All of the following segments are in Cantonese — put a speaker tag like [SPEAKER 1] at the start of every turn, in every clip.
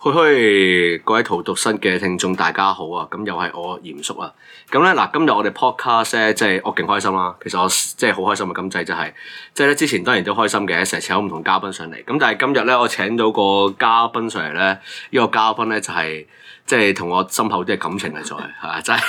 [SPEAKER 1] 嘿嘿，各位荼毒室嘅聽眾大家好啊！咁又係我鹽叔啊！咁咧嗱，今日我哋 podcast 即係我勁開心啦！其實我即係好開心啊，今季就係，即係咧之前當然都開心嘅，成日請唔同嘉賓上嚟。咁但係今日咧，我請到個嘉賓上嚟咧，呢、呢個嘉賓咧就係即係同我深厚啲嘅感情喺度，嚇真係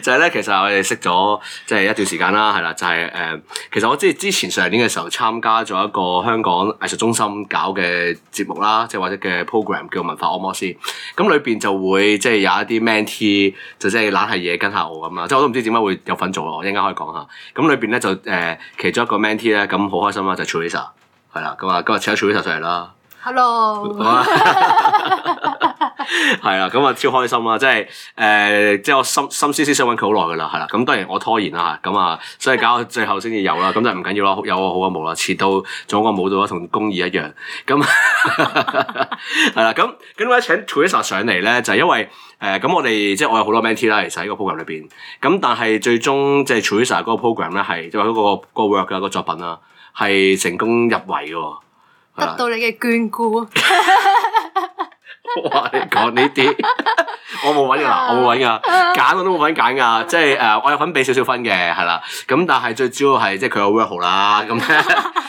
[SPEAKER 1] 就係、係、咧、 就係，其實我哋識咗即係一段時間啦，係啦，就係誒，其實我即係之前上年嘅時候參加咗一個香港藝術中心搞嘅節目啦，即係或者嘅。誒 program 叫文化按摩師，咁裏邊就會即係有一啲 mentee 就即係懶係嘢跟下我咁啦，即係我都唔知點解會有份做咯，我陣間可以講下。咁裏邊咧就誒、呃、其中一個 mentee 咧，咁好開心啦，就 Teresa、是、啦，係啦，咁啊今日請咗 Teresa 出嚟啦。
[SPEAKER 2] Hello。
[SPEAKER 1] 係啦，咁啊超開心啦、呃，即係誒，即係我心心思思想揾佢好耐噶啦，係啦，咁當然我拖延啦咁啊，所以搞到最後先至有啦，咁 就唔緊要咯，有我好過冇啦，遲到總歸冇到啦，同公義一樣，咁係啦，咁咁咧，為請 Teresa 上嚟咧，就係、是、因為誒，咁、呃、我哋即係我有好多 mentee 啦，其實喺個 program 裏邊，咁但係最終即係 Teresa 嗰個 program 咧係即係嗰個個 work 噶、嗰個作品啦，係成功入圍嘅，得
[SPEAKER 2] 到你嘅眷顧。
[SPEAKER 1] 哇 我話你講呢啲，我冇揾噶啦，我冇揾噶，揀我都冇份揀噶，即係誒，我有份俾少少分嘅，係啦。咁但係最主要係即係佢有 work 啦。咁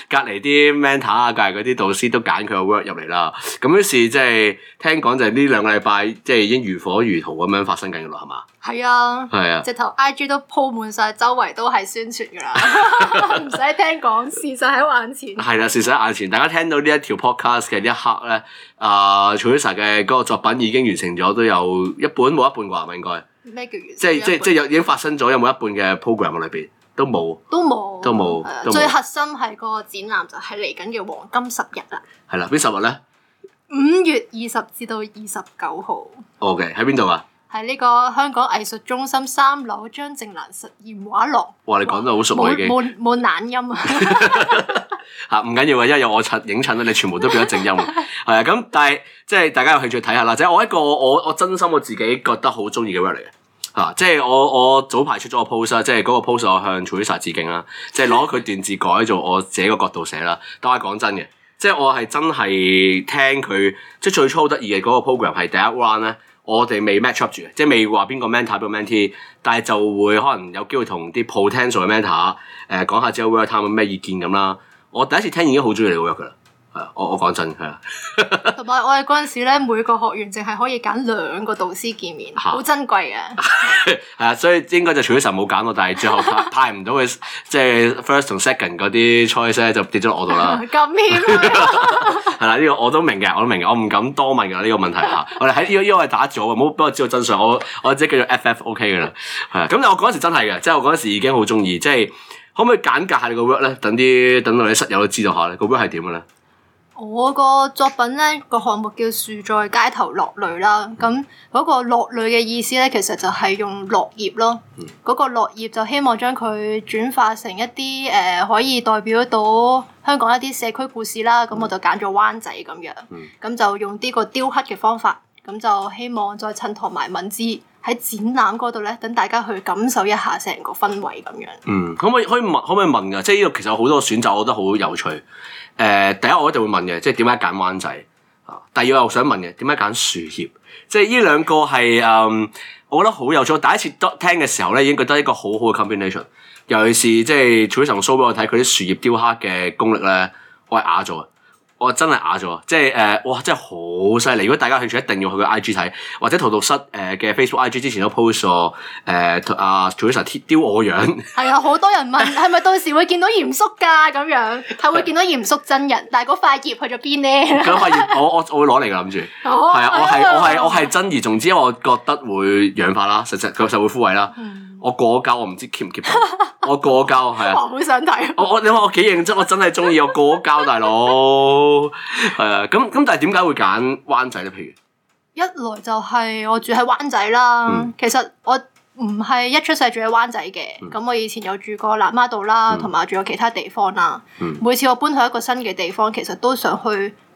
[SPEAKER 1] 隔籬啲 mentor 啊，隔籬嗰啲導師都揀佢，就是，個 work 入嚟啦。咁於是即係聽講就係呢兩個禮拜即係已經如火如荼咁樣發生緊噶啦，係嘛？
[SPEAKER 2] 係啊，啊直頭 I G 都鋪滿晒，周圍都係宣傳噶啦，唔使 聽講，事實喺眼前。係
[SPEAKER 1] 啦，事實喺眼前，大家聽到呢一條 podcast 嘅一刻咧，啊 Teresa 嘅嗰個作品已經完成咗，都有一半，冇一半啩？應該
[SPEAKER 2] 咩叫完即即？即係即係即係有
[SPEAKER 1] 已經發生咗，有冇一半嘅 program 裏邊都冇，
[SPEAKER 2] 都冇，都冇。都都 uh, 最核心係嗰個展覽就係嚟緊嘅黃金十日啦。
[SPEAKER 1] 係啦，啊，邊十日咧？
[SPEAKER 2] 五月二十至到二十九號。
[SPEAKER 1] OK，喺邊度啊？
[SPEAKER 2] 係呢個香港藝術中心三樓張靜蘭
[SPEAKER 1] 實驗畫廊。哇！你講得好熟我已經。冇
[SPEAKER 2] 冇懶音 啊！
[SPEAKER 1] 吓唔緊要啊，因為有我襯影襯啦， 你全部都變咗正音。係 啊，咁但係即係大家有興趣睇下啦。即係我一個我我真心我自己覺得好中意嘅 rap 嚟嘅吓。即 係我我早排出咗個 post 即係嗰個 post 我向 Teresa 致敬啦，即係攞佢段字改做我自己個角度寫啦。但係講真嘅，即係我係真係聽佢，即係最初得意嘅嗰個 program 係第一 round 咧。我哋未 match up 住，即係未話邊個 mentor 邊個 mentee，但係就會可能有機會同啲 potential mentor 誒、呃、講下自己 work time 有咩意見咁啦。我第一次聽已經好鍾意你個 work 啦。我我講真係啦，同
[SPEAKER 2] 埋 我哋嗰陣時咧，每個學員淨係可以揀兩個導師見面，好、啊、珍貴嘅。
[SPEAKER 1] 係啊， 所以應該就除咗神冇揀我，但係最後派唔到嘅， 即係 first 同 second 嗰啲 choice 咧，就跌咗落我度啦。咁添啊，係啦，呢個我都明嘅，我都明嘅，我唔敢多問噶呢、呢個問題吓。 我哋喺呢呢個係打咗唔好俾我知道真相。我我自己叫做 FF OK 噶啦，係咁但係我嗰陣時真係嘅，即、就、係、是、我嗰陣時已經好中意，即、就、係、是、可唔可以簡介下你個 work 咧？等啲等到你室友都知道下咧，個 work 係點嘅咧？
[SPEAKER 2] 我個作品咧，個項目叫樹在街頭落淚啦，咁嗰、那個落淚嘅意思咧，其實就係用落葉咯，嗰、嗯那個落葉就希望將佢轉化成一啲誒、呃、可以代表到香港一啲社區故事啦，咁我就揀咗灣仔咁樣，咁、嗯、就用呢個雕刻嘅方法，咁就希望再襯托埋文字。喺展覽嗰度咧，等大家去感受一下成個氛圍
[SPEAKER 1] 咁樣。嗯，可唔可以可以問可唔可以問噶？即係呢度其實有好多選擇，我覺得好有趣。誒、呃，第一我一定會問嘅，即係點解揀灣仔啊？第二我又想問嘅，點解揀樹葉？即係呢兩個係誒、嗯，我覺得好有趣。第一次聽嘅時候咧，已經覺得一個好好嘅 combination。尤其是即係取咗層 show 俾我睇，佢啲樹葉雕刻嘅功力咧，我係啞咗。我真係啞咗，即係誒、呃，哇，真係好犀利！如果大家興趣，一定要去個 I G 睇，或者荼毒室誒嘅 Facebook I G 之前都 po、呃啊、s 咗誒，阿 Teresa 丟我個樣。
[SPEAKER 2] 係啊，好多人問，係咪 到時會見到鹽叔噶咁樣？係會見到鹽叔真人， 但係嗰塊葉去咗邊咧？嗰塊葉，我
[SPEAKER 1] 我我會攞嚟噶諗住，係 啊，我係我係我係真而，總之，我覺得會氧化啦，實實佢就會枯萎啦。 我過咗膠，我唔知 keep 唔 keep。我過咗膠，係啊。我好想睇。我你話我幾認真，我真係中意。我過咗膠，大佬，係啊。咁咁，但係點解會揀灣仔咧？譬如一
[SPEAKER 2] 來就係我住喺灣仔啦。嗯、其實我唔係一出世住喺灣仔嘅。咁、嗯、我以前有住過喇媽度啦，同埋、嗯、住過其他地方啦。嗯、每次我搬去一個新嘅地方，其實都想去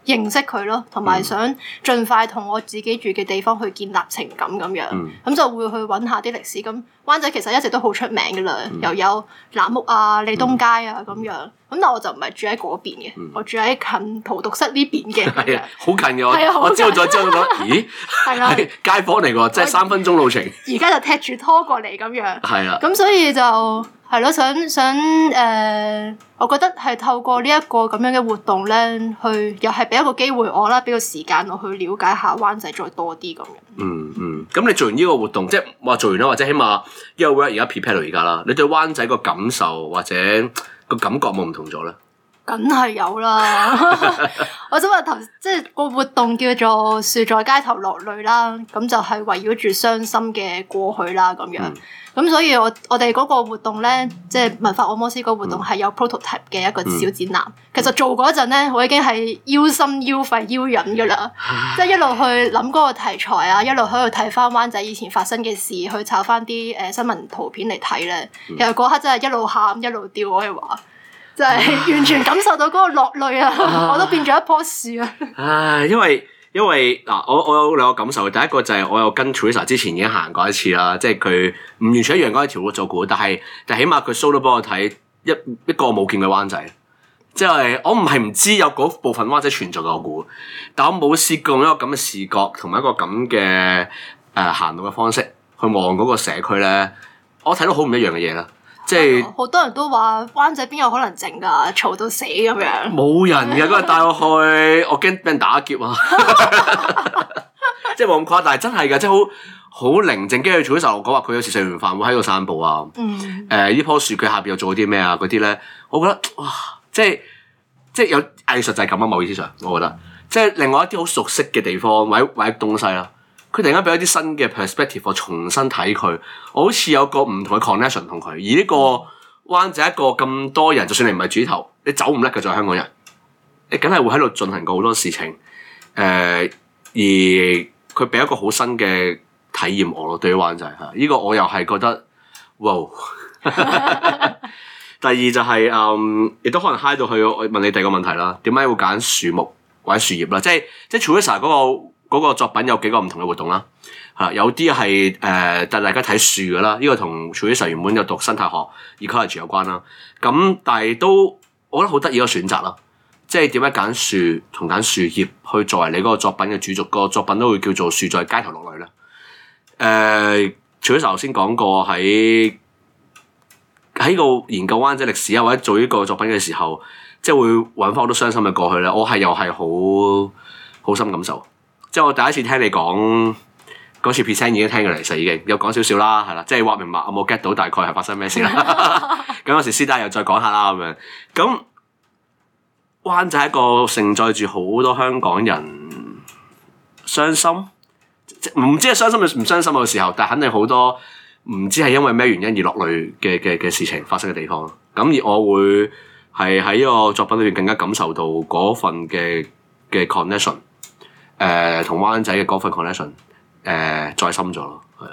[SPEAKER 2] 認識佢咯，同埋想盡快同我自己住嘅地方去建立情感咁樣。咁、嗯嗯、就會去揾下啲歷史咁。灣仔其實一直都好出名噶啦，又有南屋啊、利東街啊咁樣。咁但我就唔係住喺嗰邊嘅， 我住喺近荼毒室呢邊嘅。
[SPEAKER 1] 係啊，好近嘅 我。係啊，我知道知道。咦？係啊，街坊嚟噶，即係三分鐘路程。
[SPEAKER 2] 而家就踢住拖過嚟咁樣。係啊的。咁所以就係咯，想想誒、呃，我覺得係透過這這呢一個咁樣嘅活動咧，去又係俾一個機會我啦，俾個時間我去了解下灣仔再多啲咁樣。嗯
[SPEAKER 1] 嗯。咁、嗯、你做完呢個活動，即係話做完啦，或者起碼。因為而家 prepare 到而家啦，你對灣仔個感受或者個感覺冇唔同咗咧？
[SPEAKER 2] 梗係有啦， 我想問頭，即係個活動叫做《樹在街頭落淚》啦，咁就係圍繞住傷心嘅過去啦，咁樣。嗯咁所以我，我我哋嗰個活動咧，即係文化按摩師嗰個活動係有 prototype 嘅一個小展覽。嗯、其實做嗰陣咧，我已經係腰心、腰肺、腰忍噶啦，啊、即係一路去諗嗰個題材啊，一路喺度睇翻灣仔以前發生嘅事，去查返啲誒新聞圖片嚟睇咧。嗯、其實嗰刻真係一路喊一路吊，我話就係、是、完全感受到嗰個落淚啊！ 我都變咗一棵樹啊！
[SPEAKER 1] 唉，因為。因為嗱，我我有兩個感受嘅，第一個就係我有跟 Teresa 之前已經行過一次啦，即係佢唔完全一樣嗰條路做估，但係就起碼佢 show 咗幫我睇一一個冇見嘅灣仔，即係我唔係唔知有嗰部分灣仔存在嘅我估，但我冇試過用一個咁嘅視角同埋一個咁嘅誒行路嘅方式去望嗰個社區咧，我睇到好唔一樣嘅嘢啦。即係
[SPEAKER 2] 好多人都話灣仔邊有可能靜㗎，嘈到死
[SPEAKER 1] 咁樣。冇人㗎，嗰日帶我去，我驚俾人打劫啊！ 即係冇咁誇大，真係㗎，即係好好寧靜。跟住除咗成日講話，佢有時食完飯會喺度散步、嗯呃、樹啊。誒，呢棵樹佢下邊又做啲咩啊？嗰啲咧，我覺得哇，即係即係有藝術就係咁啊。某意思上，我覺得即係另外一啲好熟悉嘅地方，或者，或者東西啦。佢突然間俾一啲新嘅 perspective，我重新睇佢，我好似有個唔同嘅 connection 同佢。而呢個灣仔一個咁多人，就算你唔係主頭，你走唔甩嘅就係香港人，你梗係會喺度進行過好多事情。誒、呃，而佢俾一個好新嘅體驗我咯，對於灣仔係，依、這個我又係覺得哇。 第二就係、是、嗯，亦都可能嗨到去問你第二個問題啦。點解會揀樹木或者樹葉啦？即係即係，除咗成日嗰個。嗰個作品有幾個唔同嘅活動啦，嚇有啲係誒帶大家睇樹噶啦，呢、呢個同 Teresa 原本有讀生態學、ecology 有關啦。咁但係都我覺得好得意嘅選擇啦，即係點解揀樹同揀樹葉去作為你嗰個作品嘅主軸，嗰個作品都會叫做樹在街頭落淚啦。誒、呃，除咗頭先講過喺喺個研究灣仔歷史啊，或者做呢個作品嘅時候，即係會揾翻好多傷心嘅過去咧。我係又係好好深感受。即係我第一次聽你講嗰次 present 已經聽過嚟晒，已經有講少少啦，係啦，即係話明白，我冇 get 到大概係發生咩事啦。咁有 時師弟又再講下啦，咁樣咁灣仔係一個承載住好多香港人傷心，唔知係傷心定唔傷心嘅時候，但係肯定好多唔知係因為咩原因而落淚嘅嘅嘅事情發生嘅地方。咁而我會係喺呢個作品裏邊更加感受到嗰份嘅嘅 connection。誒，同灣、呃、仔嘅嗰份 connection，誒、呃，再深咗咯，係
[SPEAKER 2] 啊。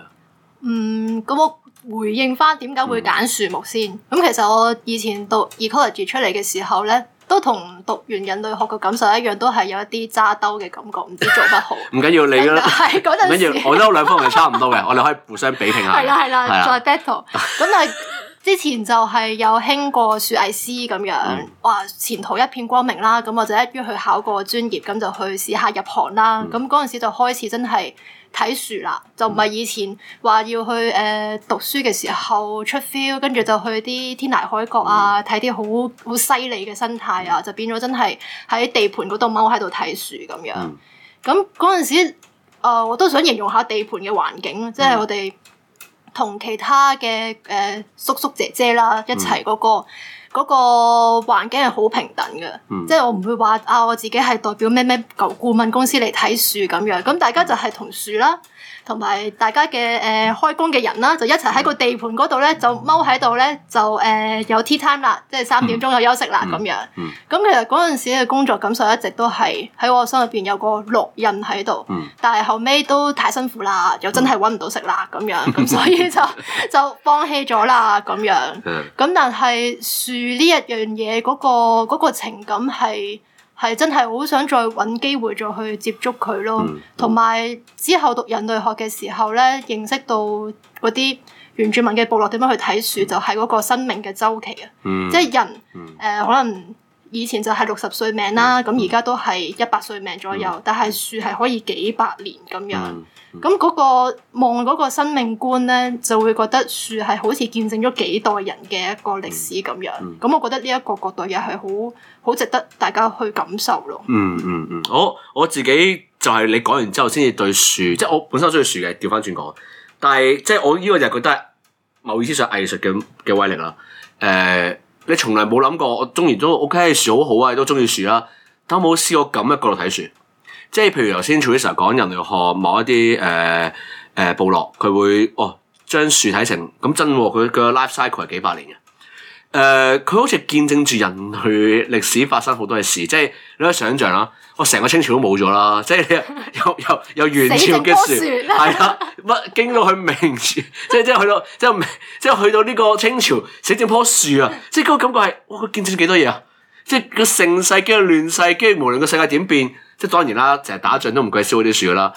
[SPEAKER 2] 嗯，咁我回應翻點解會揀樹木先？咁、嗯、其實我以前讀 ecology 出嚟嘅時候咧，都同讀完人類學嘅感受一樣，都係有一啲揸兜嘅感覺，唔知做乜好。
[SPEAKER 1] 唔緊要，你咧，
[SPEAKER 2] 係嗰陣時，我都
[SPEAKER 1] 兩方面係差唔多嘅， 我哋可以互相比拼下，係啦係啦，再
[SPEAKER 2] battle。 之前就係有興過樹藝師咁樣，嗯、哇前途一片光明啦！咁我就一於去考個專業，咁就去試下入行啦。咁嗰陣時就開始真係睇樹啦，嗯、就唔係以前話要去誒、呃、讀書嘅時候出 feel，跟住就去啲天涯海角啊，睇啲好好犀利嘅生態啊，就變咗真係喺地盤嗰度踎喺度睇樹咁樣。咁嗰陣時、呃，我都想形容下地盤嘅環境，即係、就係、我哋、嗯。同其他嘅誒、呃、叔叔姐姐啦一齊嗰、個嗰、嗯、個環境係好平等嘅，嗯、即係我唔會話啊我自己係代表咩咩舊顧問公司嚟睇樹咁樣，咁大家就係同樹啦。同埋大家嘅誒、呃、開工嘅人啦，就一齊喺個地盤嗰度咧，就踎喺度咧，就誒、呃、有 tea time 啦，即係三點鐘就休息啦咁、嗯、樣。咁、嗯、其實嗰陣時嘅工作感受一直都係喺我心入邊有個烙印喺度。嗯、但係後尾都太辛苦啦，又真係搵唔到食啦咁樣，咁所以就 就放棄咗啦咁樣。咁、嗯、但係樹呢一樣嘢嗰、嗰個嗰、嗰個嗰個情感係。係真係好想再揾機會再去接觸佢咯，同埋、嗯、之後讀人類學嘅時候咧，認識到嗰啲原住民嘅部落點樣去睇樹，嗯、就係嗰個生命嘅周期啊！嗯、即係人誒、嗯呃，可能。以前就係六十歲命啦，咁而家都係一百歲命左右，嗯、但係樹係可以幾百年咁樣。咁嗰、嗯嗯嗰個望嗰個生命觀咧，就會覺得樹係好似見證咗幾代人嘅一個歷史咁樣。咁、嗯嗯、我覺得呢一個角度又係好好值得大家去感受咯、嗯。
[SPEAKER 1] 嗯嗯嗯，我我自己就係你講完之後先至對樹，即係我本身鍾意樹嘅，調翻轉講。但係即係我呢個就覺得某意思上藝術嘅嘅威力啦。誒、呃。你從來冇諗過，我中意都 OK 樹好好啊，都中意樹啦。但我冇試過咁一個角度睇樹，即係譬如頭先 Teresa 講人類學某一啲誒誒部落，佢會哦將樹睇成咁真喎，佢嘅 life cycle 係幾百年嘅。誒，佢、呃、好似見證住人類歷史發生好多嘅事，即係你都想象啦，我成個清朝都冇咗啦，即係有有有元朝嘅樹，係啦，乜經過去明朝，即係即係去到即係即係去到呢個清朝，剩住棵樹啊，即係個感覺係，哇，佢見證咗幾多嘢啊，即係個盛世跟住亂世，跟住無論個世界點變，即係當然啦，成日打仗都唔計燒嗰啲樹啦，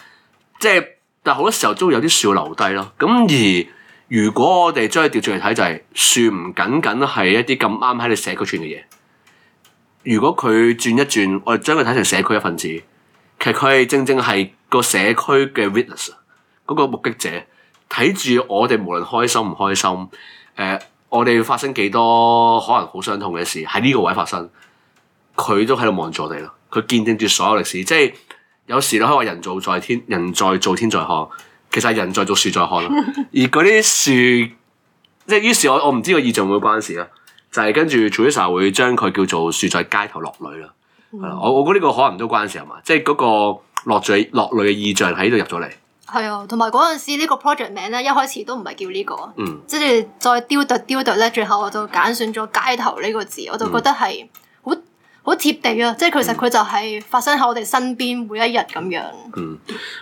[SPEAKER 1] 即係但係好多時候都會有啲樹留低咯，咁而。如果我哋將佢調轉嚟睇，就係樹唔僅僅係一啲咁啱喺你社區轉嘅嘢。如果佢轉一轉，我哋將佢睇成社區一份子，其實佢係正正係個社區嘅 witness，嗰個目擊者睇住我哋無論開心唔開心，誒、呃，我哋發生幾多可能好傷痛嘅事喺呢個位發生，佢都喺度望住我哋咯。佢見證住所有歷史，即係有時咧可以話人做在天，人在做天在看。其實人在做，樹在看咯， 而嗰啲樹，即係於是我我唔知個意象會唔會關事咯，就係、是、跟住朱醫生會將佢叫做樹在街頭落淚咯、嗯。我我覺得呢個可能都關事係嘛，即係嗰個落淚落淚嘅意象喺度入咗嚟。
[SPEAKER 2] 係啊，同埋嗰陣時個呢個 project 名咧，一開始都唔係叫呢、這個，嗯、即係再雕琢雕琢咧，最後我就揀選咗街頭呢個字，我就覺得係。嗯好貼地啊！即係其實佢就係發生喺我哋身邊每一日咁樣。嗯，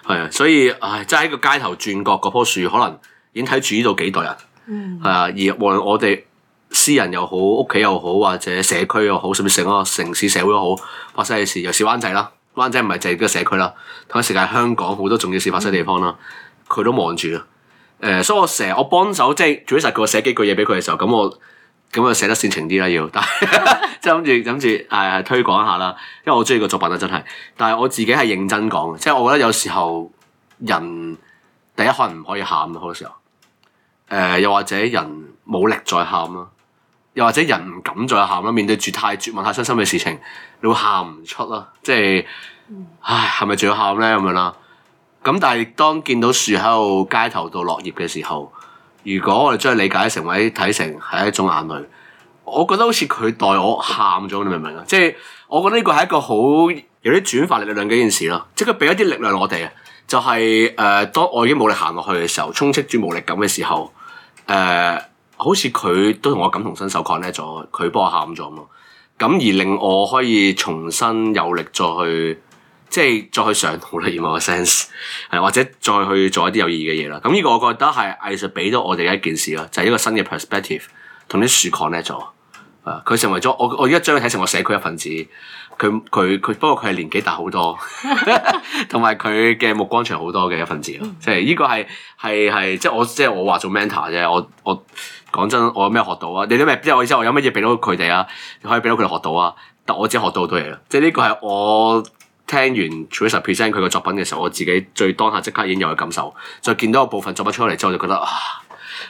[SPEAKER 1] 係啊，所以唉，真係喺個街頭轉角嗰棵樹，可能已經睇住呢度幾代人。嗯，係啊，而無論我哋私人又好，屋企又好，或者社區又好，甚至成個城市社會都好，發生嘅事，尤其是灣仔啦，灣仔唔係淨係個社區啦，同一時間香港好多重要事發生嘅地方啦，佢、嗯、都望住啊。誒、呃，所以我成日我幫手，即係最實佢寫幾句嘢俾佢嘅時候，咁我。咁 啊，寫得煽情啲啦，要，但係即係諗住諗住誒推廣一下啦，因為我中意個作品啦，真係，但係我自己係認真講，即係我覺得有時候人第一可能唔可以喊好多時候，誒又或者人冇力再喊啦，又或者人唔敢再喊啦，面對住太絕望、太傷心嘅事情，你會喊唔出啦，即係，唉，係咪仲要喊咧咁樣啦？咁但係當見到樹喺度街頭度落葉嘅時候。如果我哋將佢理解成為睇成係一種眼淚，我覺得好似佢代我喊咗，你明唔明啊？即係我覺得呢個係一個好有啲轉化力量嘅一件事咯，即係佢俾一啲力量我哋啊，就係、是、誒、呃、當我已經冇力行落去嘅時候，充斥住無力感嘅時候，誒、呃、好似佢都同我感同身受 connect 咗，佢幫我喊咗嘛，咁而令我可以重新有力再去。即係再去上好啦，以我個 sense 係，或者再去做一啲有意義嘅嘢啦。咁呢個我覺得係藝術俾咗我哋嘅一件事咯，就係、是、一個新嘅 perspective，同啲樹 connect 咗佢、啊、成為咗我我而家將佢睇成我社區一份子。佢佢佢，不過佢係年紀大好多，同埋佢嘅目光長好多嘅一份子咯。 即係呢個係係係，即係我即係我話做 mentor 啫。我我講真，我有咩學到啊？你都咩即係我意思，我有乜嘢俾到佢哋啊？可以俾到佢哋學到啊？但我自己學到好多嘢啦。即係呢個係我。聽完 Teresa present 佢嘅作品嘅時候，我自己最當下即刻已經有嘅感受。再見到個部分作品出嚟之後，就覺得啊，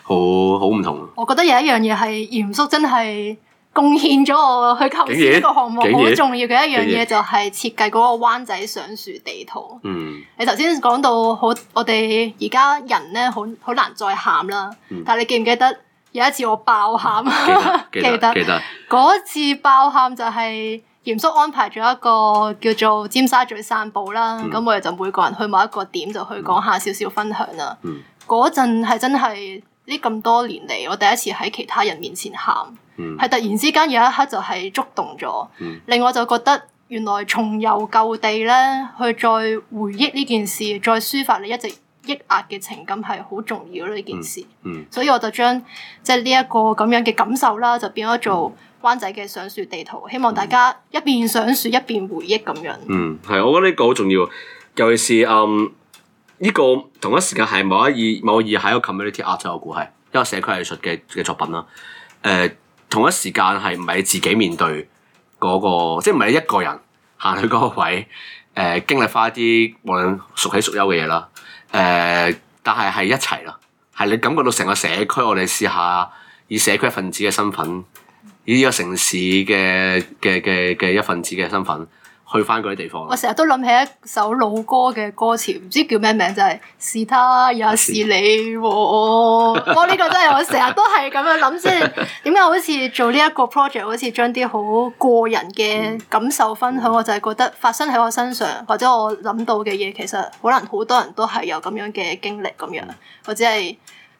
[SPEAKER 1] 好好唔同。
[SPEAKER 2] 我覺得有一樣嘢係鹽叔真係貢獻咗我去構思呢個項目好重要嘅一樣嘢，就係設計嗰個灣仔上樹地圖。嗯，你頭先講到好，我哋而家人咧好好難再喊啦。但係你記唔記得有一次我爆喊、嗯？記得記得。嗰次爆喊就係、是。鹽叔安排咗一個叫做尖沙咀散步啦，咁、嗯、我哋就每個人去某一個點就去講下、嗯、少，少少分享啦。嗰陣係真係呢咁多年嚟，我第一次喺其他人面前喊，係、嗯、突然之間有一刻就係觸動咗。令、嗯、我就覺得原來重遊舊地咧，去再回憶呢件事，再抒發你一直抑壓嘅情感係好重要呢件事。嗯嗯嗯、所以我就將即係呢一個咁樣嘅感受啦，就變咗做。灣仔嘅賞樹地圖，希望大家一邊賞樹一邊回憶咁樣。
[SPEAKER 1] 嗯，係，我覺得呢個好重要，尤其是嗯呢、這個同一時間係有意無意喺一個 community art 我估係一個社區藝術嘅嘅作品啦。誒、呃，同一時間係唔係自己面對嗰、那個，即係唔係一個人行去嗰個位，誒、呃、經歷翻一啲無論孰喜孰憂嘅嘢啦。誒、呃，但係係一齊咯，係你感覺到成個社區，我哋試下以社區分子嘅身份。以呢個城市嘅嘅嘅嘅一份子嘅身份去返嗰啲地方。我
[SPEAKER 2] 成日都諗起一首老歌嘅歌詞，唔知叫咩名，就係、是、是他也是你我。 我呢、就是、個真係我成日都係咁樣諗。即係點解好似做呢一個 project，好似將啲好個人嘅感受分享？嗯、我就係覺得發生喺我身上，或者我諗到嘅嘢，其實可能好多人都係有咁樣嘅經歷咁樣，或者係。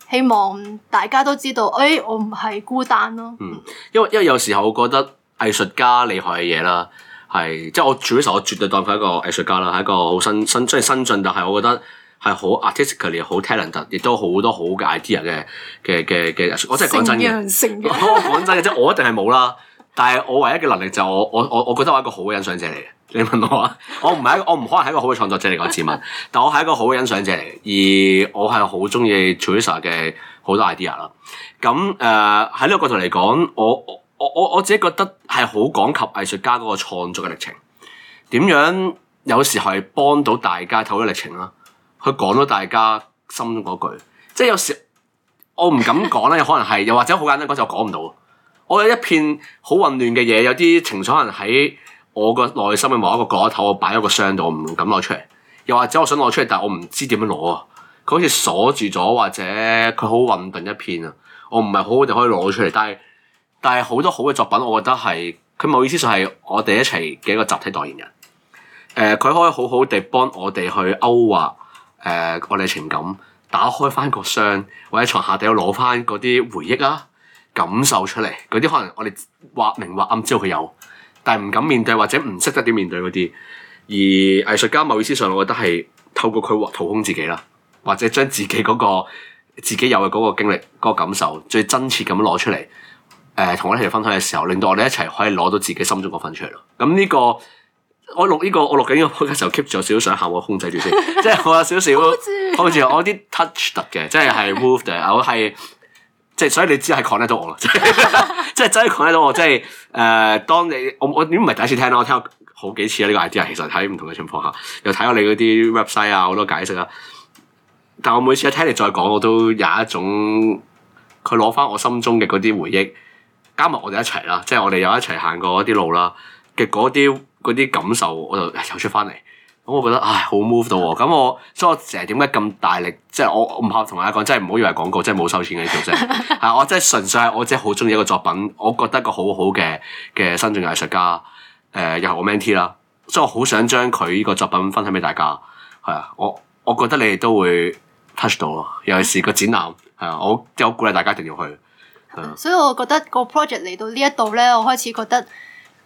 [SPEAKER 2] 希望大家都知道，哎，我唔係孤單咯。
[SPEAKER 1] 嗯，因為因為有時候我覺得藝術家厲害嘅嘢啦，係即係我最初我絕對當佢係一個藝術家啦，係一個好新新即係新進，但係我覺得係好 artistically 好 talented 亦都好多好嘅 idea 嘅嘅嘅嘅，我真係講真嘅。成講真嘅，即係 我一定係冇啦，但係我唯一嘅能力就係我我我我覺得我係一個好嘅欣賞者嚟嘅。你問我啊，我唔係一個，我唔可能係一個好嘅創作者嚟講自問，但我係一個好嘅欣賞者嚟，而我係好中意 Teresa 嘅好多 idea 啦。咁誒喺呢個角度嚟講，我我我我自己覺得係好講及藝術家嗰個創作嘅歷程，點樣有時候係幫到大家透過歷程啦，去講到大家心中嗰句，即係有時我唔敢講咧，可能係又或者好簡單講就講唔到，我有一片好混亂嘅嘢，有啲情緒可能喺。我個內心嘅某一個角落頭，我擺喺個箱度，我唔敢攞出嚟。又或者我想攞出嚟，但我唔知點樣攞啊！佢好似鎖住咗，或者佢好混沌一片啊！我唔係好好地可以攞出嚟。但係但係好多好嘅作品，我覺得係佢冇意思就係我哋一齊嘅一個集體代言人。誒、呃，佢可以好好地幫我哋去勾畫誒、呃、我哋情感，打開翻個箱，或者牀下底攞翻嗰啲回憶啊、感受出嚟。嗰啲可能我哋畫明畫暗，知道佢有。但係唔敢面對，或者唔識得點面對嗰啲，而藝術家某意思上，我覺得係透過佢挖掏空自己啦，或者將自己嗰、嗰個自己有嘅嗰個經歷、嗰、嗰個感受，最真切咁樣攞出嚟，誒、呃、同我哋一齊分享嘅時候，令到我哋一齊可以攞到自己心中嗰份出嚟咯。咁呢、呢個我錄呢、呢個我錄緊、呢、呢個波嘅時候，keep 咗少少想喊，我控制住先， 即係我有少少好似我啲 touch 得嘅，即係係 move 嘅，我係。即係所以你只係 connect 到我啦，即係真係 connect 到我，即係誒、呃。當你我我點唔係第一次聽啦，我聽過好幾次啦、啊。呢、這個 idea 其實喺唔同嘅情況下，又睇過你嗰啲 website 啊好多解釋啊。但我每次一聽你再講，我都有一種佢攞翻我心中嘅嗰啲回憶，加埋我哋一齊啦，即係我哋又一齊行過一啲路啦嘅嗰啲嗰啲感受，我就又、哎、出翻嚟。咁我覺得唉好 move 到、哦、我，咁我所以我成日點解咁大力？即係我唔怕同大家講，真係唔好以為廣告，真係冇收錢嘅呢條聲。係 我真係純粹係我真係好中意一個作品，我覺得個好好嘅嘅新晉藝術家，誒、呃、又係我 menti 啦。所以我好想將佢呢個作品分享俾大家。係啊，我我覺得你哋都會 touch 到咯。尤其是個展覽，係啊，我即係我鼓勵大家一定要去。
[SPEAKER 2] 所以我覺得個 project 嚟到呢一度咧，我開始覺得。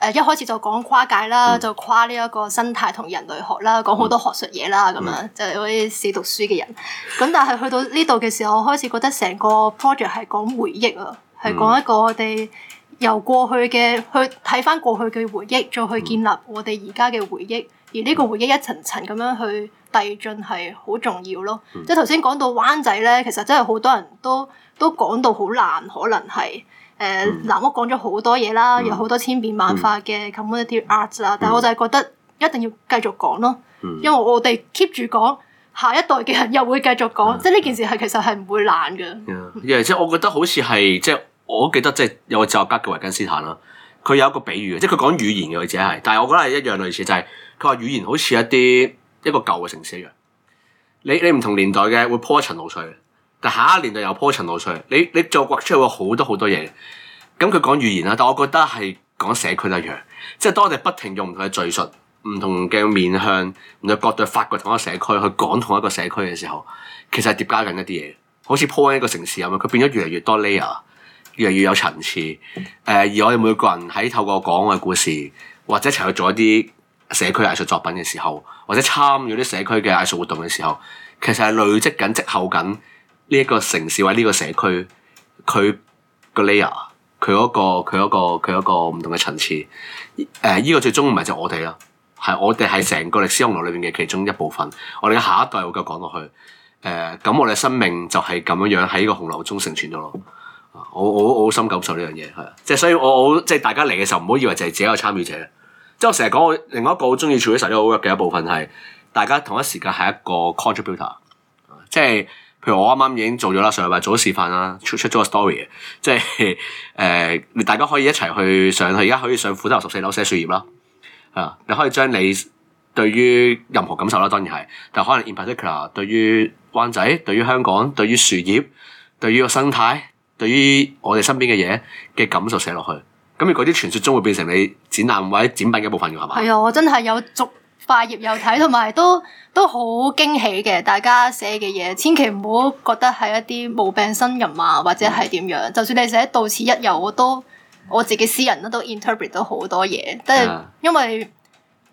[SPEAKER 2] 誒一開始就講跨界啦，嗯、就跨呢一個生態同人類學啦，講好多學術嘢啦，咁、嗯、樣就係啲死讀書嘅人。咁但係去到呢度嘅時候，我開始覺得成個 project 係講回憶啊，係、嗯、講一個我哋由過去嘅去睇翻過去嘅回憶，再去建立我哋而家嘅回憶。而呢個回憶一層層咁樣去遞進係好重要咯。即係頭先講到灣仔咧，其實真係好多人都都講到好難，可能係。誒藍、呃、屋講咗好多嘢啦，嗯、有好多千變萬化嘅，咁多啲 community art 啦，嗯、但係我就係覺得一定要繼續講咯，嗯、因為我哋 keep 住講，下一代嘅人又會繼續講，嗯、即係呢件事係其實係唔會爛嘅。
[SPEAKER 1] 即係、嗯嗯、我覺得好似係，即、就、係、是、我記得即係有個哲學家叫維根斯坦啦，佢有一個比喻即係佢講語言嘅，或者係，但係我覺得係一樣類似，就係佢話語言好似一啲一個舊嘅城市一樣，你你唔同年代嘅會鋪一層老水。但下一年就有鋪陳落去，你你做畫出嚟會好多好多嘢。咁佢講語言啦，但我覺得係講社區一樣，即係當我哋不停用唔同嘅敘述、唔同嘅面向、唔同角度去發掘同一個社區去講同一個社區嘅時候，其實係疊加緊一啲嘢，好似鋪喺一個城市咁樣，佢變咗越嚟越多 layer，越嚟越有層次。誒、呃，而我哋每個人喺透過講嘅故事，或者一齊去做一啲社區藝術作品嘅時候，或者參與啲社區嘅藝術活動嘅時候，其實係累積緊、積厚緊。呢一個城市或者呢個社區，佢個 layer，佢嗰個佢嗰佢嗰個唔同嘅層次，誒，依個最終唔係就我哋啦，係我哋係成個歷史洪流裏邊嘅其中一部分。我哋嘅下一代會繼續講落去，誒，咁我哋嘅生命就係咁樣樣喺呢個洪流中成全咗咯。啊，我我我好深感受呢樣嘢係，即係所以我我即係大家嚟嘅時候唔好以為就係自己一個參與者，即係我成日講我另外一個好中意除咗實踐 work 嘅一部分係，大家同一時間係一個 contributor，即係。譬如我啱啱已經做咗啦，上個拜做咗示範啦，出咗個 story，即係誒，呃、大家可以一齊去上去，而家可以上斧頭十四樓寫樹葉啦。啊，你可以將你對於任何感受啦，當然係，但可能 impartial 對於灣仔、對於香港、對於樹葉、對於個生態、對於我哋身邊嘅嘢嘅感受寫落去，咁如果啲傳説中會變成你展覽者展品嘅一部分嘅係嘛？
[SPEAKER 2] 係啊，我真係有逐。化業又睇，同埋都都好驚喜嘅。大家寫嘅嘢，千祈唔好覺得係一啲無病呻吟啊，或者係點樣。Mm. 就算你寫到此一遊，我都我自己私人啦，都 interpret 到好多嘢。即係因為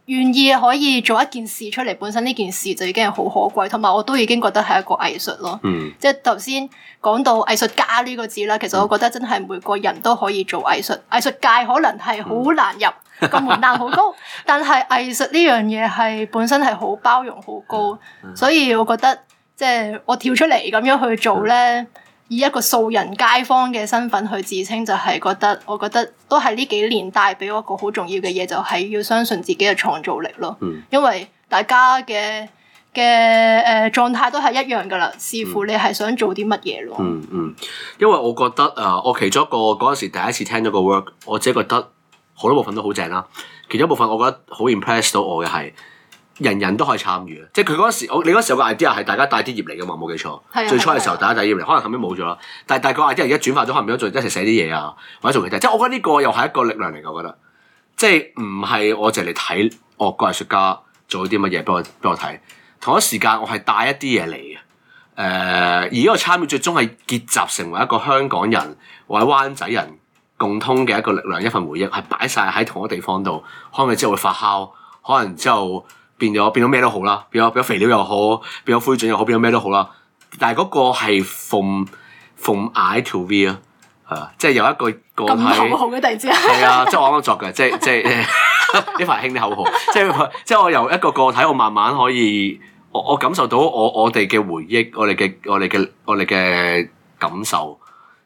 [SPEAKER 2] 願意可以做一件事出嚟，本身呢件事就已經係好可貴。同埋我都已經覺得係一個藝術咯。Mm. 即係頭先講到藝術家呢個字啦，其實我覺得真係每個人都可以做藝術。藝術界可能係好難入。Mm. 個 門檻好高，但係藝術呢樣嘢係本身係好包容、好高，嗯嗯、所以我覺得即係、就係、我跳出嚟咁樣去做咧，以一個素人街坊嘅身份去自稱，就係覺得，我覺得都係呢幾年帶俾我一個好重要嘅嘢，就係、係、要相信自己嘅創造力咯。嗯、因為大家嘅嘅誒狀態都係一樣噶啦，視乎你係想做啲乜嘢咯。
[SPEAKER 1] 嗯嗯，嗯，因為我覺得誒，uh, 我其中一個嗰陣時第一次聽咗個 work，我只覺得。好多部分都好正啦、啊，其中一部分我覺得好 impress 到我嘅係人人都可以參與，即係佢嗰時我你嗰時有個 idea 係大家帶啲葉嚟嘅嘛，冇記錯。的最初嘅時候大家帶葉嚟，的可能後尾冇咗，但係大係個 idea 而家轉化咗，後屘都做一齊寫啲嘢啊，或者做其他。即係我覺得呢個又係一個力量嚟嘅，我覺得即係唔係我淨嚟睇我個藝術家做啲乜嘢俾我俾我睇，同一時間我係帶一啲嘢嚟嘅，誒、呃、而呢個參與最終係結集成為一個香港人或者灣仔人，共通嘅一個力量，一份回憶，係擺晒喺同一個地方度，可能之後會發酵，可能之後變咗變咗咩都好啦，變咗變咗肥料又好，變咗灰燼又好，變咗咩都好啦。但係嗰個係 from from I to we 啊，係啊，即係由一個個體
[SPEAKER 2] 咁口號嘅定義係啊，
[SPEAKER 1] 即係我啱啱作嘅， 即係 即係呢排興啲口號，即係即係我由一個個體，我慢慢可以，我我感受到我我哋嘅回憶，我哋嘅我哋嘅我哋嘅感受。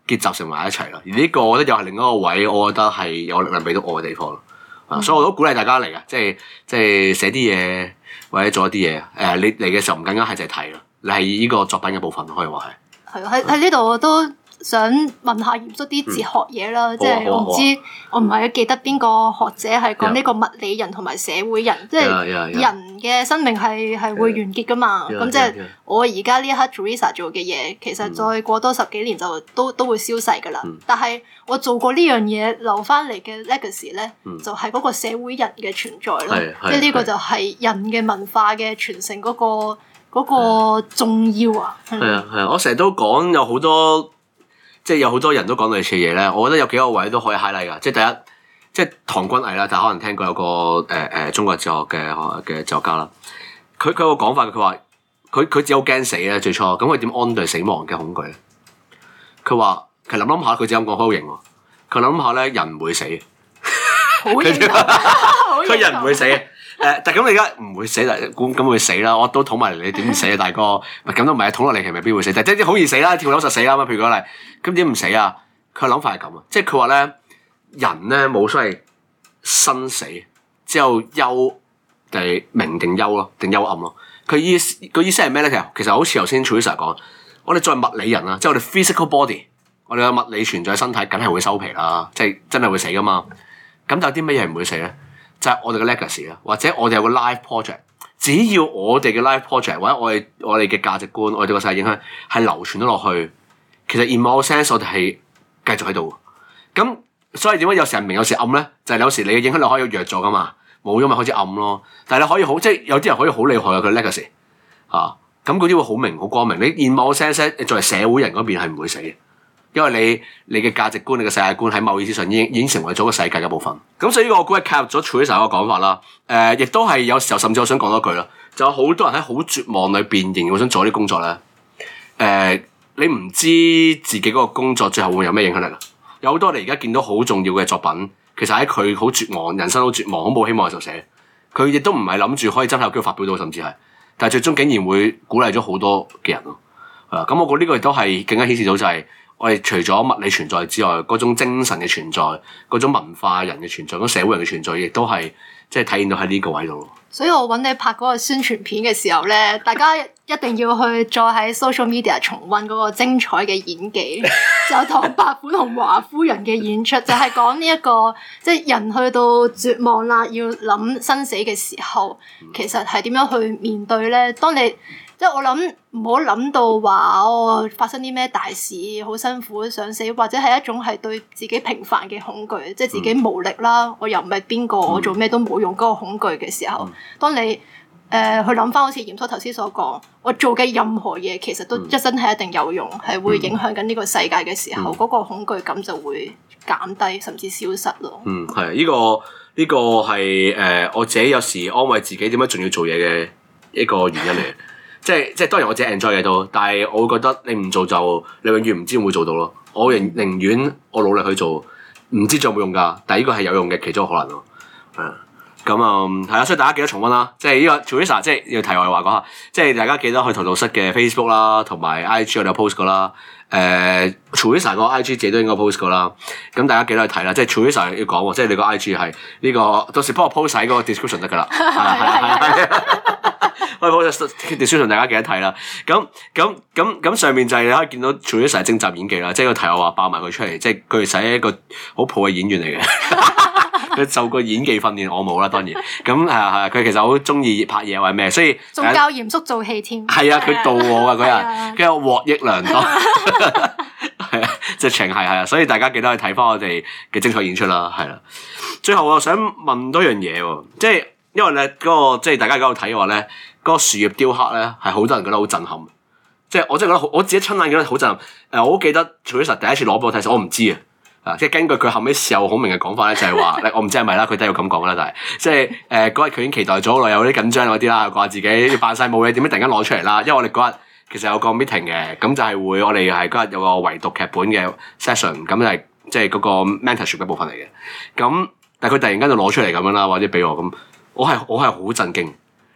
[SPEAKER 1] 結集成埋一齊咯，而呢個我覺得又係另一個位，我覺得係有能力俾到我嘅地方咯。啊、嗯，所以我都鼓勵大家嚟呀，即係即係寫啲嘢，或者做一啲嘢。誒、呃，你嚟嘅時候唔僅僅係就係睇咯，你係呢個作品嘅部分可以話係。係
[SPEAKER 2] 喺喺呢度我都想問下嚴肅啲哲學嘢啦，即係我唔知，我唔係記得邊個學者係講呢個物理人同埋社會人，即係人嘅生命係係會完結㗎嘛？咁即係我而家呢一刻做 Teresa 做嘅嘢，其實再過多十幾年就都都會消逝㗎喇。但係我做過呢樣嘢留返嚟嘅 legacy 咧，就係嗰個社會人嘅存在咯。即係呢個就係人嘅文化嘅傳承嗰個嗰個重要啊！係啊係啊，
[SPEAKER 1] 我成日都講有好多。即係有好多人都講到類似嘅嘢咧，我覺得有幾個位都可以 highlight 噶。即係第一，即係唐君毅啦，但係可能聽過有個誒誒、呃、中國哲學嘅嘅作家啦，佢佢個講法，佢話佢佢只有驚死咧，最初，咁佢點安對死亡嘅恐懼咧？佢話其實諗諗下，佢只眼講好型喎，佢諗下咧，人唔會死，佢人唔會死。 誒，但係咁你而家唔會死啦，咁咁會死啦，我都捅埋嚟，你點死啊，大哥？咁都唔係啊，捅落嚟係未必會死？但係即好易死啦，跳樓就死啦嘛。譬如講嚟，咁點唔死啊？佢諗法係咁啊，即係佢話咧，人咧冇所謂生死，只有幽定明定幽咯，定幽暗咯。佢意思個意思係咩咧？其實好似頭先 Teresa 講，我哋作為物理人啦，即係我哋 physical body，我哋嘅物理存在身體，梗係會收皮啦，即係真係會死噶嘛。咁但有啲咩嘢唔會死咧？就係我哋嘅 legacy 啦，或者我哋有個 live project，只要我哋嘅 live project 或者我哋我哋嘅價值觀，我哋對個世界影響係流傳咗落去，其實 in more sense 我哋係繼續喺度。咁所以點解有時人明有時暗咧？就係、是、有時你嘅影響力可以弱咗噶嘛，冇咗咪開始暗咯。但係你可以好，即係有啲人可以好厲害嘅佢 legacy 嚇、啊，咁嗰啲會好明好光明。你 in more sense 你作為社會人嗰邊係唔會死嘅。因為你你嘅價值觀、你嘅世界觀喺某意思上已經，已已經成為咗個世界嘅部分。咁、嗯、所以呢個我估係切入咗 truth 個講法啦。誒、呃，亦都係有時候甚至我想講多句咯。就有好多人喺好絕望裏變形。我想做啲工作咧，誒、呃，你唔知自己嗰個工作最後會，會唔會有咩影響力咯？有好多你而家見到好重要嘅作品，其實喺佢好絕望、人生好絕望、好冇希望嘅時候寫，佢亦都唔係諗住可以真係有機會發表到，甚至係，但係最終竟然會鼓勵咗好多嘅人咯。啊、嗯，咁我覺呢個亦都係更加顯示到就係、是。我哋除咗物理存在之外，嗰種精神嘅存在，嗰種文化人嘅存在，嗰種社會人嘅存在，亦都係即係體現到喺呢個位度咯。
[SPEAKER 2] 所以，我揾你拍嗰個宣傳片嘅時候咧，大家一定要去再喺 social media 重溫嗰個精彩嘅演技，就唐伯虎同華夫人嘅演出，就係講呢一個即係、就是、人去到絕望啦，要諗生死嘅時候，其實，係點樣去面對咧？當你即係我諗，唔好諗到話哦，發生啲咩大事，好辛苦，想死，或者係一種係對自己平凡嘅恐懼，即係自己無力啦。嗯、我又唔係邊個、嗯呃，我做咩都冇用。嗰個恐懼嘅時候，當你誒去諗翻好似鹽叔頭先所講，我做嘅任何嘢其實都一真係一定有用，係、嗯、會影響緊呢個世界嘅時候，嗰、嗯、個恐懼感就會減低甚至消失咯。嗯，
[SPEAKER 1] 係呢、這個呢、這個係誒、呃、我自己有時安慰自己點解仲要做嘢嘅一個原因嚟。即係，即係當然我自己 enjoy 嘅都，但係我會覺得你唔做就你永遠唔知會唔會做到咯。我寧寧願我努力去做，唔知仲有冇用㗎，但係呢個係有用嘅其中可能咯，嗯。咁啊，係啊、嗯，所以大家記得重溫啦。即係呢個 Teresa 即係要題外話講，即係大家記得去荼毒室嘅 Facebook 啦，同埋 IG 我有 post 噶啦。誒、呃、Teresa 個 IG 自己都應該 post 噶啦。咁大家記得去睇啦。即係 Teresa 要講喎，即係你個 IG 係呢、這個，到時幫我 post 晒嗰個 description 得噶啦。我哋 post description 大家記得睇啦。咁咁咁咁上面就你可以見到 Teresa 精湛演技啦。即係個題外話爆埋佢出嚟，即係佢係使一個好普嘅演員嚟嘅。佢 做過演技訓練，我冇啦，當然咁啊，啊，佢、嗯嗯嗯、其實好中意拍嘢或者咩，所以仲教
[SPEAKER 2] 嚴肅做戲添。係啊，
[SPEAKER 1] 佢導我啊，嗰日，佢有獲益良多。係啊，直、啊 啊就是、情係係啊，所以大家記得去睇翻我哋嘅精彩演出啦。係啊。最後我想問多樣嘢，即係因為咧嗰、那個即係大家喺度睇嘅話咧，嗰、那個樹葉雕刻咧係好多人覺得好震撼。即、就、係、是、我真係覺得，我覺得，我自己親眼見到好震撼。誒、呃，我好記得，Teresa 第一次攞俾我睇我唔知啊。啊！ 即係根據佢後尾事後孔明嘅講法咧，就係話，我唔知係咪啦，佢都係要咁講啦，但係即係誒嗰日佢已經期待咗好耐，有啲緊張嗰啲啦，話自己扮晒冇嘢，點解突然間攞出嚟啦？因為我哋嗰日其實有個 meeting 嘅，咁就係會我哋係嗰日有個圍讀劇本嘅 session，咁就係即係嗰個 mentorship 嘅部分嚟嘅。咁但係佢突然間就攞出嚟咁樣啦，或者俾我咁，我係我係好震驚。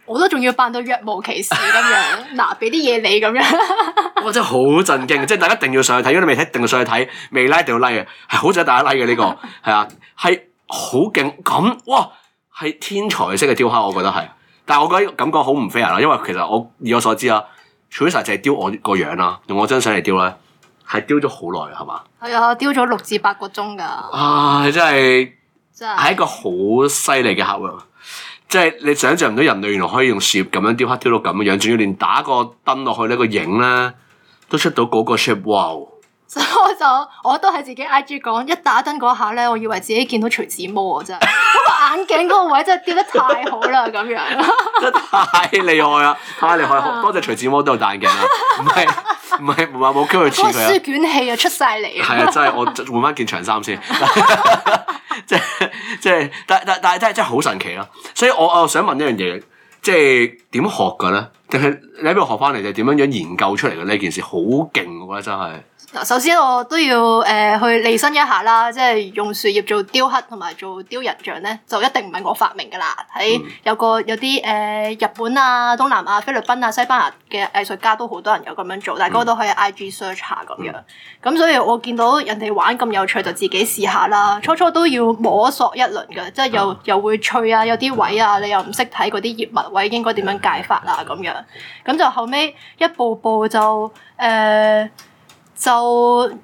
[SPEAKER 2] 我都仲要扮到若無其事咁樣，嗱俾啲嘢你咁樣
[SPEAKER 1] 哇。我真係好震驚，即係大家一定要上去睇，如果你未睇，一定要上去睇。未拉一定要拉、like、嘅，係好值得大家拉嘅呢個，係啊，係好勁咁哇，係天才式嘅雕刻，我覺得係。但係我覺得感覺好唔 fair 啦，因為其實我以我所知啊， 除咗成日雕我個樣啦，用我張相嚟雕咧，係雕咗好耐係嘛？
[SPEAKER 2] 係 啊，雕咗六至八個鐘㗎。啊，
[SPEAKER 1] 真係真係是係一個好犀利嘅客戶。即係你想象唔到，人類原來可以用攝咁樣雕黑雕到咁嘅樣，仲要連打個燈落去呢個影咧都出到嗰個 shape。哇！
[SPEAKER 2] 所以我就我都係自己 I G 講，一打燈嗰下咧，我以為自己見到徐子墨啊！真係，個眼鏡嗰個位真係雕得太好啦！咁樣，
[SPEAKER 1] 真係太厲害太厲害！厲害 Yeah. 多謝徐子墨都有戴眼鏡啦，唔係唔係唔係冇機會似佢書
[SPEAKER 2] 卷氣啊，出晒嚟啊！係啊，真係
[SPEAKER 1] 我換翻件長衫先。 即係，但係但係真係真係好神奇咯，所以我我想問一樣嘢，即係點學嘅咧？定係你喺邊度學翻嚟？定係點樣樣研究出嚟嘅呢？件事好勁，我覺得真係。
[SPEAKER 2] 首先我都要誒、呃、去釐清一下啦，即係用樹葉做雕刻同埋做雕人像咧，就一定唔係我發明嘅啦。喺、嗯、有個有啲誒、呃、日本啊、東南亞啊、菲律賓啊、西班牙嘅藝術家都好多人有咁樣做，大家都可以 I G search 下咁樣。咁、嗯、所以我見到人哋玩咁有趣，就自己試下啦。初初都要摸索一輪嘅，即係又、啊、又會脆啊，有啲位啊，你又唔識睇嗰啲葉脈位應該點樣解法啊咁樣。咁就後尾一步步就誒。呃就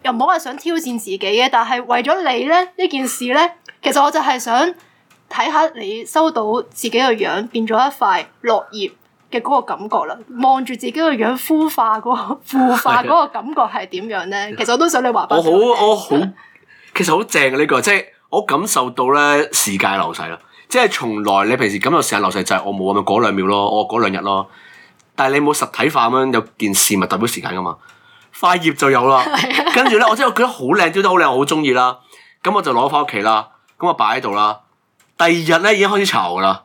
[SPEAKER 2] 又唔好話想挑戰自己嘅，但係為咗你咧呢件事咧，其實我就係想睇下你收到自己個樣變咗一塊落葉嘅嗰個感覺啦。望住自己個樣孵化嗰個孵化嗰個感覺係點樣咧的？其實我都想你話翻。我好
[SPEAKER 1] 我好，其實好正嘅呢個，即係我感受到咧時間流逝咯。即係從來你平時感受時間流逝就係我冇咁樣嗰兩秒咯，我嗰兩日咯。但係你冇實體化咁樣有件事，咪代表時間噶嘛？塊葉就有啦，跟住咧，我真係覺得好靚，雕得好靚，我好中意啦。咁我就攞翻屋企啦，咁我擺喺度啦。第二日咧已經開始巢啦，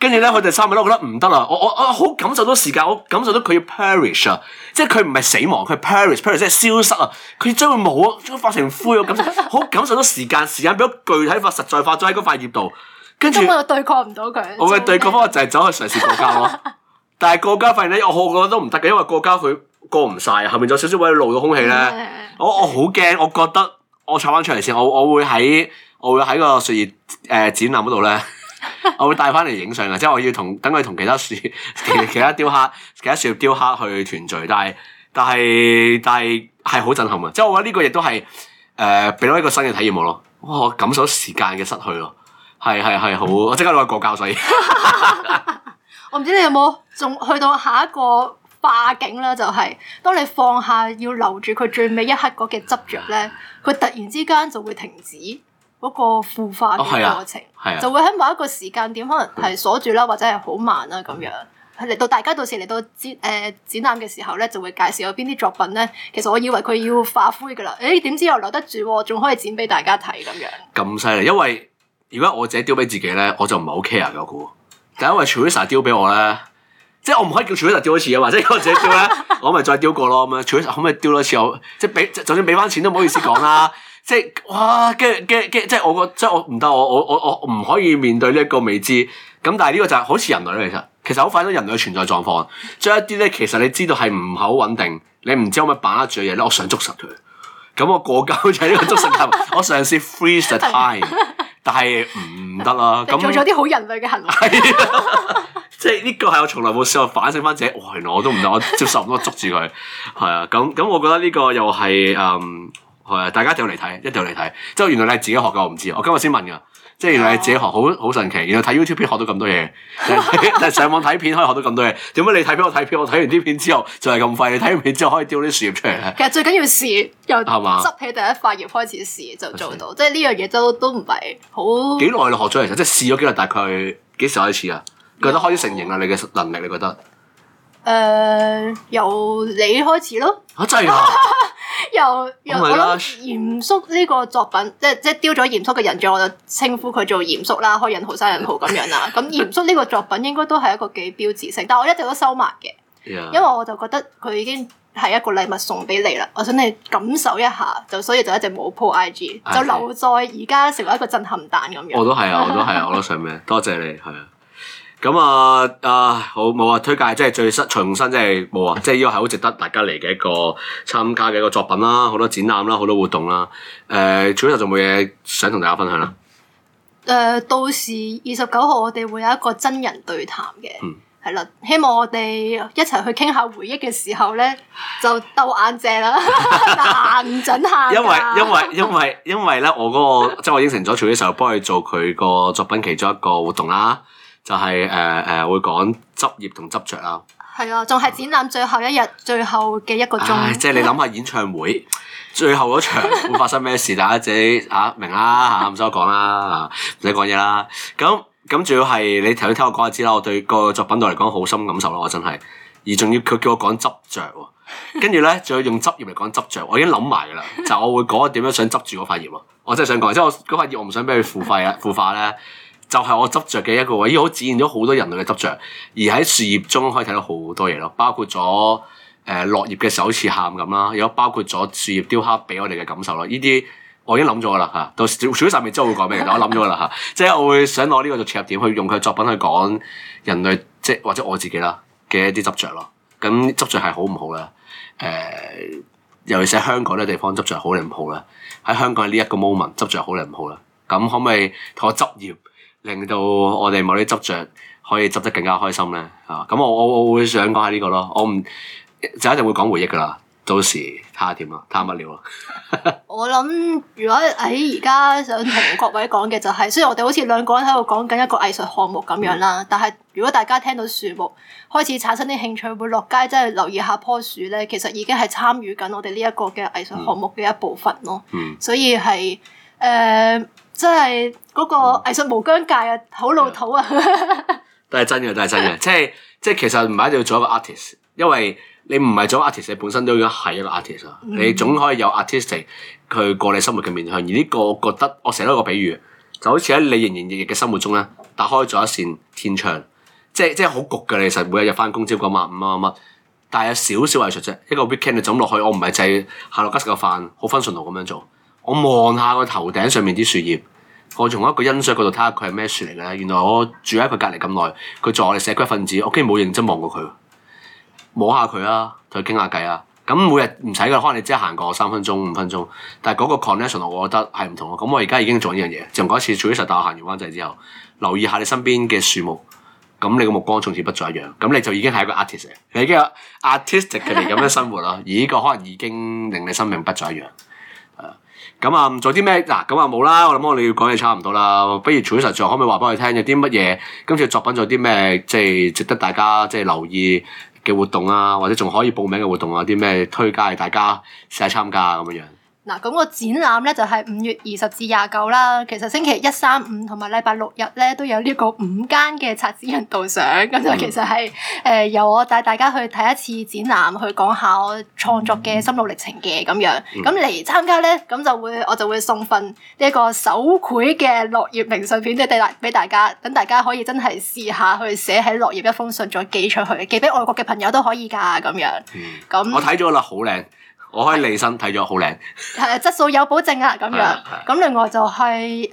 [SPEAKER 1] 跟住咧佢哋三日都覺得唔得啦。我我我好感受到時間，我感受到佢要 perish 啊，即係佢唔係死亡，佢 perish perish 即係消失啊，佢將會冇啊，將會化成灰啊，我感受好 感受到時間，時間變咗具體化、實在化咗喺嗰塊葉度。跟住，因為我
[SPEAKER 2] 對抗唔到佢，我嘅
[SPEAKER 1] 對抗方法就係走去嘗試過膠， 但係過膠發現咧，我我覺得都唔得嘅，因為過膠佢。過唔晒，後面就少少位露到空氣咧的，我我好驚，我覺得我坐翻出嚟先，我先我會喺我會喺個樹葉誒展覽嗰度咧，我會帶翻嚟影相嘅，即係我要同等佢同其他樹、其其他雕刻、其他樹葉雕刻去團聚，但係但係但係係好震撼嘅，即係我覺得呢個亦都係誒俾到一個新嘅體驗我咯，我感受時間嘅失去咯，係係係好，即刻攞個過膠，所
[SPEAKER 2] 我唔知你有冇仲去到下一個。化景啦、就係，就係當你放下要留住佢最尾一刻嗰嘅執着咧，佢突然之間就會停止嗰個腐化嘅過程，哦啊啊、就會喺某一個時間點可能係鎖住啦，嗯、或者係好慢啦。咁、嗯、樣。嚟到大家到時嚟到展誒展覽嘅時候咧，就會介紹有邊啲作品咧。其實我以為佢要化灰噶啦，誒點知又留得住，仲可以剪俾大家睇
[SPEAKER 1] 咁樣。咁犀利，因為如果我自己丟俾自己咧，我就唔係好 care 嘅我估，但因為 Teresa 丟俾我咧。即係我唔可以叫除咗就丟一次啊！或者我自己丟咧，我咪再丟過咯咁樣。佢、 嗯、可唔可以丟多次？我即係俾，就算俾翻錢都唔好意思講啦。即係哇！嘅嘅嘅，即係我個，即係我唔得，我我我我唔可以面對呢一個未知。咁但係呢個就係好似人類咧，其實其實好快都人類嘅存在狀況。將一啲咧，其實你知道係唔係好穩定，你唔知可唔可以把握住嘅嘢咧。我想捉實佢，咁我過鳩 就係呢個捉實。我嘗試 freeze the time。 但係唔得啦，咁做咗啲
[SPEAKER 2] 好人類嘅行
[SPEAKER 1] 為，即係呢個係我從來冇試過反省翻自己，原來我都唔得，我接受唔到捉住佢，係啊， 咁咁我覺得呢個又係誒，係、啊、大家一定要嚟睇，一定要嚟睇，即係原來你係自己學嘅，我唔知，我今日先問噶。即係原來你自己學，好好神奇，然後睇 YouTube 學到咁多嘢，但係 上網睇片可以學到咁多嘢。點解你睇片我睇片，我睇完啲片之後就係咁快？你睇完片之後可以雕啲樹葉出嚟咧？其實
[SPEAKER 2] 最緊要試，由執起第一塊葉開始試就做到。是是即係呢樣嘢都都唔係好幾
[SPEAKER 1] 耐咯，學咗其實即係試咗幾耐？大概幾時開始啊？覺得開始成型啦，你嘅能力你覺得？
[SPEAKER 2] 誒、呃，由你開始
[SPEAKER 1] 咯。真係啊！
[SPEAKER 2] 又、oh、my 我諗鹽叔呢個作品，即係即係雕咗鹽叔嘅人像，我就稱呼佢做鹽叔啦，開引號、閂引號咁樣啦。咁鹽叔呢個作品應該都係一個幾標誌性，但係我一直都收埋嘅，Yeah. 因為我就覺得佢已經係一個禮物送俾你啦，我想你感受一下，就所以就一直冇 po I G，就留在而家成為一個震撼彈咁樣。 我都係啊，我都係啊，我都
[SPEAKER 1] 想咩？ 多謝你，係啊。咁、嗯、啊，啊好冇啊！推介即係最重新，最新即係冇啊！即係呢個係好值得大家嚟嘅一個參加嘅一個作品啦，好多展覽啦，好多活動啦。誒、呃，崔 Sir 仲冇嘢想同大家分享啦？
[SPEAKER 2] 誒、呃，到時二十九號我哋會有一個真人對談嘅，係、嗯、啦，希望我哋一齊去傾下回憶嘅時候咧，就斗眼鏡啦、啊，唔 准下。 因為
[SPEAKER 1] 因為因為因為咧，我嗰、那個 即係我應承咗崔 Sir 幫佢做佢個作品其中一個活動啦。就係誒誒，會講執葉同執着啦，
[SPEAKER 2] 係啊，仲係展覽最後一日最後嘅一個鐘，即係你諗
[SPEAKER 1] 下演唱會最後嗰場會發生咩事，大家自己吓明啦吓、啊，唔、啊、使我講啦吓，唔使講嘢啦。咁咁、嗯、主要係你頭先聽我講下知啦，我對個作品度嚟講好深感受咯，我真係，而仲要佢叫我講執著、啊，跟住咧仲要用執葉嚟講執着，我已經諗埋噶啦， 就我會講點樣想執住嗰塊葉、啊，我真係想講，即、就、係、是、我嗰塊葉我唔想俾佢腐壞啊，腐化咧。就係我執着嘅一個位，依我展現咗好多人類嘅執着，而喺樹葉中可以睇到好多嘢咯，包括咗誒、呃、落葉嘅時候好似喊咁啦，亦都包括咗樹葉雕刻俾我哋嘅感受咯，呢啲我已經諗咗噶啦嚇，到除咗曬未，後之後會講俾你聽，我諗咗噶啦嚇，啊、 即係我會想攞呢個做切入點，去用佢嘅作品去講人類即係或者我自己啦嘅一啲執着咯。咁執着係好唔好咧？誒、呃，尤其是喺香港呢地方執着好定唔好咧？喺香港係呢一個 moment 執着好定唔好咧？咁可唔可以同我執業？令到我哋某啲執着可以執得更加開心咧嚇，咁、啊、我我，我會想講下呢、這個咯，我唔就一定會講回憶噶啦，到時睇下點啦，貪不了啦。
[SPEAKER 2] 我諗如果喺而家想同各位講嘅就係、是，雖然我哋好似兩個人喺度講緊一個藝術項目咁樣啦，嗯、但係如果大家聽到樹木開始產生啲興趣，會落街真係、就是、留意下棵樹咧，其實已經係參與緊我哋呢一個嘅藝術項目嘅一部分咯。嗯嗯、所以係誒。呃即係嗰個藝術無疆界啊！好老土啊！
[SPEAKER 1] 都係真嘅，都係真嘅。即係即係其實唔係一定要做一個 artist，因為你唔係做 artist，你本身都已經係一個 artist 啦。你總可以有 artistic 去過你生活嘅面向。而呢個我覺得，我成日講一個比喻，就好似喺你營營役役嘅生活中咧，打開咗一扇天窗，即係即係好焗㗎。其實每一日翻工朝九晚五啊乜，但係有少少藝術啫。一個 weekend 你走落去，我唔係制下落街食個飯，好 functional 咁樣做。我望下個頭頂上面啲樹葉，我從一個欣賞角度睇下佢係咩樹嚟咧。原來我住喺佢隔離咁耐，佢在我哋社區分子我竟然冇認真望過佢。摸下佢啦、啊，同佢傾下偈啦。咁每日唔使嘅，可能你只係行過三分鐘、五分鐘。但係嗰個 connection，我覺得係唔同咯。咁我而家已經做呢樣嘢，就嗰一次 Teresa，帶我行完灣仔之後，留意下你身邊嘅樹木，咁你嘅目光從此不再一樣。咁你就已經係一個 artist，你已經 artistically 咁樣生活啦。而呢個可能已經令你生命不再一樣。咁、嗯、啊，做啲咩？嗱，咁啊冇啦，我諗我哋要講嘢差唔多啦。不如，除咗實話，可唔可以話俾我哋聽，有啲乜嘢今次嘅作品有，有啲咩即係值得大家即係留意嘅活動啊，或者仲可以報名嘅活動啊，啲咩推介大家試下參加咁、啊、樣樣。
[SPEAKER 2] 嗱，咁個展覽咧就係、是、五月二十至廿九啦。其實星期一、三、五同埋禮拜六日咧都有呢個五間嘅策展人導賞。咁就、嗯、其實係誒、呃，由我帶大家去睇一次展覽，去講下我創作嘅心路歷程嘅咁樣。咁嚟、嗯、參加咧，咁就會我就會送份呢個手繪嘅落葉明信片，即係俾大俾大家，等大家可以真係試下去寫喺落葉一封信，再寄出去，寄俾外國嘅朋友都可以㗎咁樣。咁、嗯、樣我睇
[SPEAKER 1] 咗啦，好靚。我可以利身睇咗好靚，
[SPEAKER 2] 誒質素有保證啊！咁樣，咁另外就係誒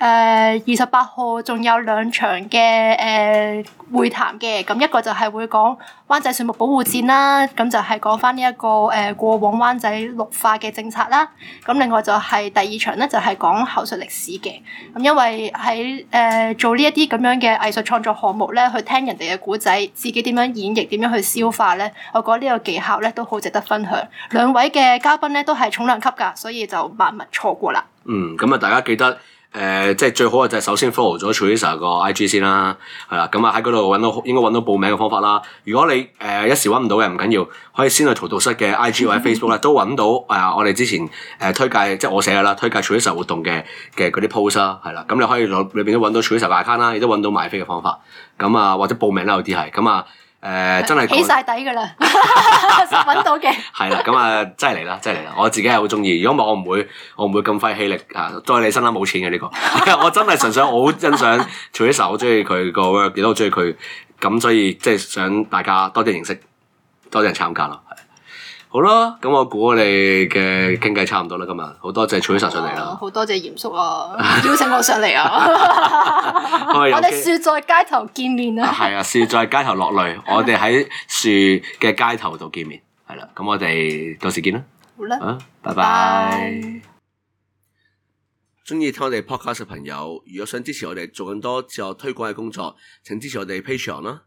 [SPEAKER 2] 二十八號仲有兩場嘅誒、呃、會談嘅，咁一個就係會講灣仔樹木保護戰啦，咁、嗯、就係講翻呢一個誒、呃、過往灣仔綠化嘅政策啦。咁另外就係第二場咧，就係、是、講口述歷史嘅。咁因為喺誒、呃、做呢一啲咁樣嘅藝術創作項目咧，去聽人哋嘅古仔，自己點樣演繹、點樣去消化咧，我覺得呢個技巧咧都好值得分享。兩位嘅。嘉賓咧都係重量級噶，所以就萬
[SPEAKER 1] 勿錯過啦。嗯，咁、嗯、啊，大家記得誒、呃，即係最好嘅就係首先 follow 咗 Teresa 個 IG 先啦，係啦，咁啊喺嗰度揾到應該揾到報名嘅方法啦。如果你誒、呃、一時揾唔到嘅唔緊要，可以先去荼毒室嘅 IG 或者 Facebook 咧、嗯、都揾到。誒、呃，我哋之前誒推介即係我寫噶啦，推介,介 Teresa 活動嘅嘅嗰啲 post 啦，係啦，咁你可以裏裏邊都揾到 Teresa 嘅 account 啦，亦都揾到買飛嘅方法。咁啊，或者報名啦，有啲係咁啊。誒，真係起晒
[SPEAKER 2] 底噶啦，揾到嘅。
[SPEAKER 1] 係啦，咁啊，真係嚟啦，真係嚟啦！我自己係好中意，如果唔係我唔會，我唔會咁費氣力啊！在你身啦冇錢嘅呢、這個， 我真係純粹好欣賞 Teresa, 我 work,，我好中意佢個 work，亦好中意佢，咁所以即係想大家多啲認識，多啲人參加咯。好啦，咁我估我哋嘅傾偈差唔多啦，今日好多謝 Teresa 上嚟啦，好
[SPEAKER 2] 多謝鹽叔啊，邀請我上嚟啊，我哋樹在街頭
[SPEAKER 1] 見面 啊，係啊，樹在街頭落淚， 我哋喺樹嘅街頭度見面，係啦、 啊，咁我哋到時見啦，好啦吧，拜拜。啊，中意聽我哋 podcast 嘅朋友，如果想支持我哋做更多自我推廣嘅工作，請支持我哋 Patreon 啦，啊。